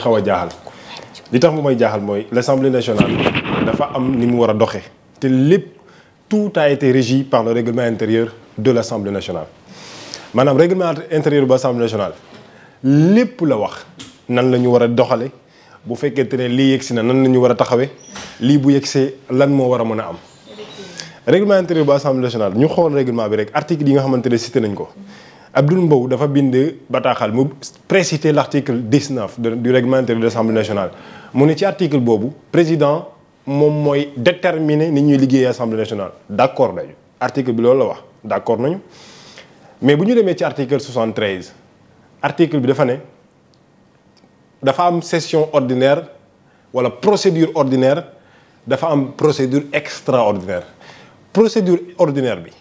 xaw a jaaxal li tax mu may jaaxal mooy l'Assemblée nationale dafa am ni mu war a doxee te lépp tout a été régi par le règlement intérieur de l'Assemblée nationale maanaam règlement intérieur bu Assemblée nationale lépp la wax nan la ñu war a doxale bu fekkente ne lii yegsi na nan la ñu war a taxawe lii bu yegsee lan moo war a mën a am règlement intérieur bu Assemblée nationale ñu xool règlement bi rek article yi nga xamante ne cité nañ ko Abdoul Mbow dafa bind bataaxal mu précité l'article 19 du règlement de l'Assemblée nationale mu ne ci article boobu président moom mooy déterminer ni ñuy liggéeyee assemblée nationale d'accord nañu article bi loolu la wax d'accord nañu mais bu ñu demee ci article 73 article bi dafa ne dafa am session ordinaire wala procédure ordinaire dafa am procédure extraordinaire procédure ordinaire bi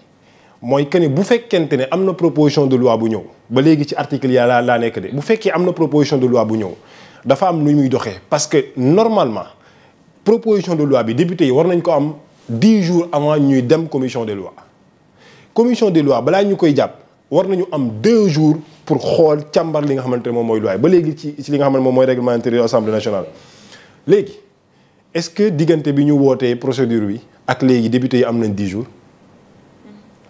mooy que ni bu fekkente ne am na proposition de loi bu ñëw ba léegi ci article yaa laa laa nekk de bu fekkee am na proposition de loi bu ñëw dafa am lu muy doxee parce que normalement proposition de loi bi député yi war nañ ko am dix jours avant ñuy dem commission des lois commission des lois balaa ñu koy jàpp war nañu am deux jours pour xool càmbar li nga xamante ne moom mooy loi ba léegi ci ci li nga xamante moom mooy règlement intérieur assemblée nationale léegi est-ce que diggante bi ñu wootee procédure bi ak léegi député yi am nañ dix jours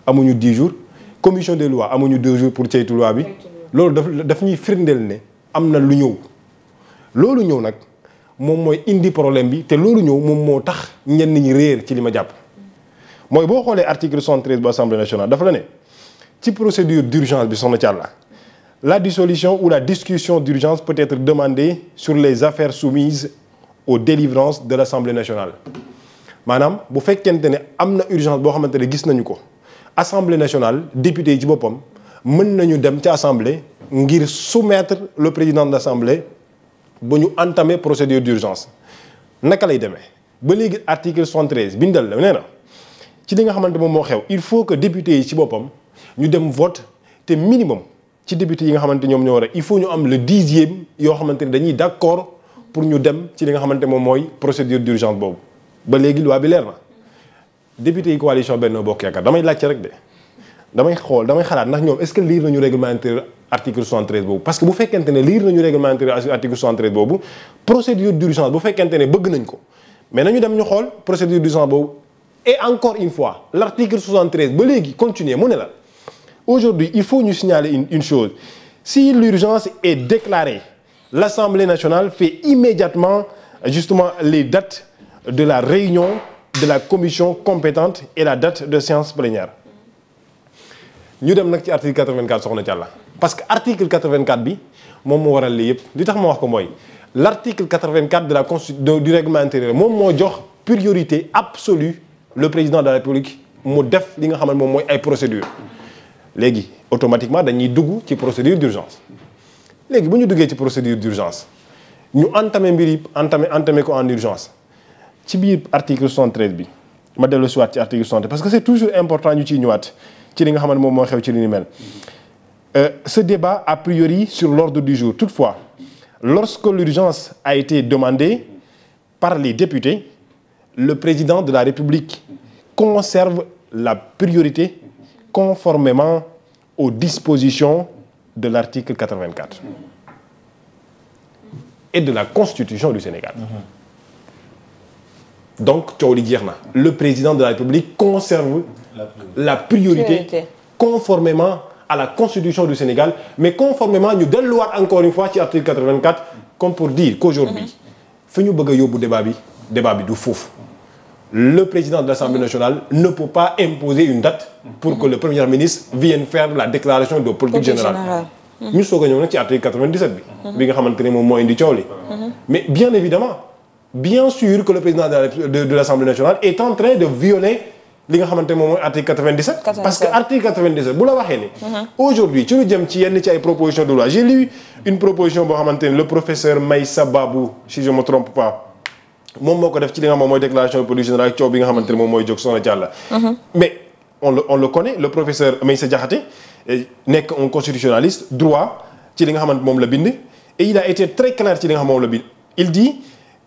amuñu 10 jours commission de lois amuñu 2 jours pour ceytu loi bi loolu daf daf ñuy firndeel ne am na lu ñëw loolu ñëw nag moom mooy indi problème bi te loolu ñëw moom moo tax ñenn ñi réer ci li ma jàpp mooy boo xoolee article 73 bu assemblée nationale dafa la ne ci procédure d'urgence bi soxna Thialla la dissolution ou la discussion d'urgence peut être demandé sur les affaires soumises aux délivrances de l'assemblée nationale maanaam bu fekkente ne am na urgence boo xamante ne gis nañu ko assemblée nationale député yi ci boppam mën nañu dem ci assemblée ngir soumettre le président de l'assemblée ba ñu entamer procédure d'urgence naka lay demee ba léegi article 73 bindal la nee na ci li nga xamante moom moo xew il faut que député yi ci boppam ñu dem vote te minimum ci député yi nga xamante ñoom ñoo war a il faut ñu am le dixième yoo xamante ni dañuy d'accord pour ñu dem ci li nga xamante moom mooy procédure d'urgence boobu ba léegi lu bi leer na député yi coalition Benno Bokk Yaakaar damay laajte rek de damay xool damay xalaat ndax ñoom est-ce que lire nañu règlement intérieur article 73 boobu parce que bu fekkente ne lire nañu règlement intérieur article 73 boobu procédure d'urgence bu fekkente ne bëgg nañ ko mais nañu dem ñu xool procédure d'urgence boobu et encore une fois l'article 73 ba léegi continuer mu ne la aujourd'hui il faut ñu signaler une, une chose si l'urgence est déclarée l'Assemblée nationale fait immédiatement justement les dates de la réunion de la commission compétente et la date de séance plénière ñu dem nag ci article 84 soxna Thialla parce que article 84 bi moom moo waral lii yëpp li tax ma wax ko mooy l' article 84 de la constitution du règlement intérieur moom moo jox priorité absolue le président de la république mu def li nga xam ne moom mooy ay procédures léegi automatiquement dañuy dugg ci procédure d' urgence léegi bu ñu duggee ci procédure d' ñu entamé mbir yi entamé ko en urgence ci biir article 73 bi ma dellu si waat ci article 73 parce que c'est toujours important ñu ciy ñëwaat ci li nga xamante moom moo xew ci li ni mel euh, ce débat a priori sur l'ordre du jour toutefois lorsque l'urgence a été demandée par les députés le président de la République conserve la priorité conformément aux dispositions de l'article 84 et de la Constitution du Sénégal. Mm-hmm. donc coow li jeex na. le président de la République conserve la priorité conformément à la constitution du Sénégal mais conformément ñu delluwaat encore une fois ci article 84 comme pour dire qu'aujourd'hui mhm. fi bëgg a yóbbu bi débat bi du foofu le président de l'Assemblée mhm. nationale ne peut pas imposer une date pour que mhm. le premier ministre vienne faire la déclaration de politique générale ñu soog a nga xamante ne moom moo indi coow bien sûr que le président de la de, de l'Assemblée nationale est en train de violer li nga xamante moom article parce que article bu la waxee ni. Mhm. aujourd'hui ci lu jëm ci yenn ci ay proposition de loi j'ai lu une proposition boo xamante le professeur Maïssa Babou si je me trompe pas moom moo ko def ci li nga xam moom mooy déclaration de politique générale coow bi mhm. mais on le on le connaît le professeur Maïssa Diakhaté eh, nekk un constitutionnaliste droit ci li nga xamante moom moom la bind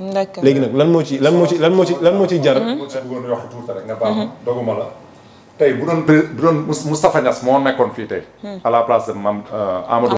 d'accord léegi nag lan moo ci lan moo ci lan moo ci lan moo ci jar. moo ci bëggoon yokk tuuti rek nga baax bu doon bu doon moo nekkoon fii tey. a hmm. la place de Mame euh,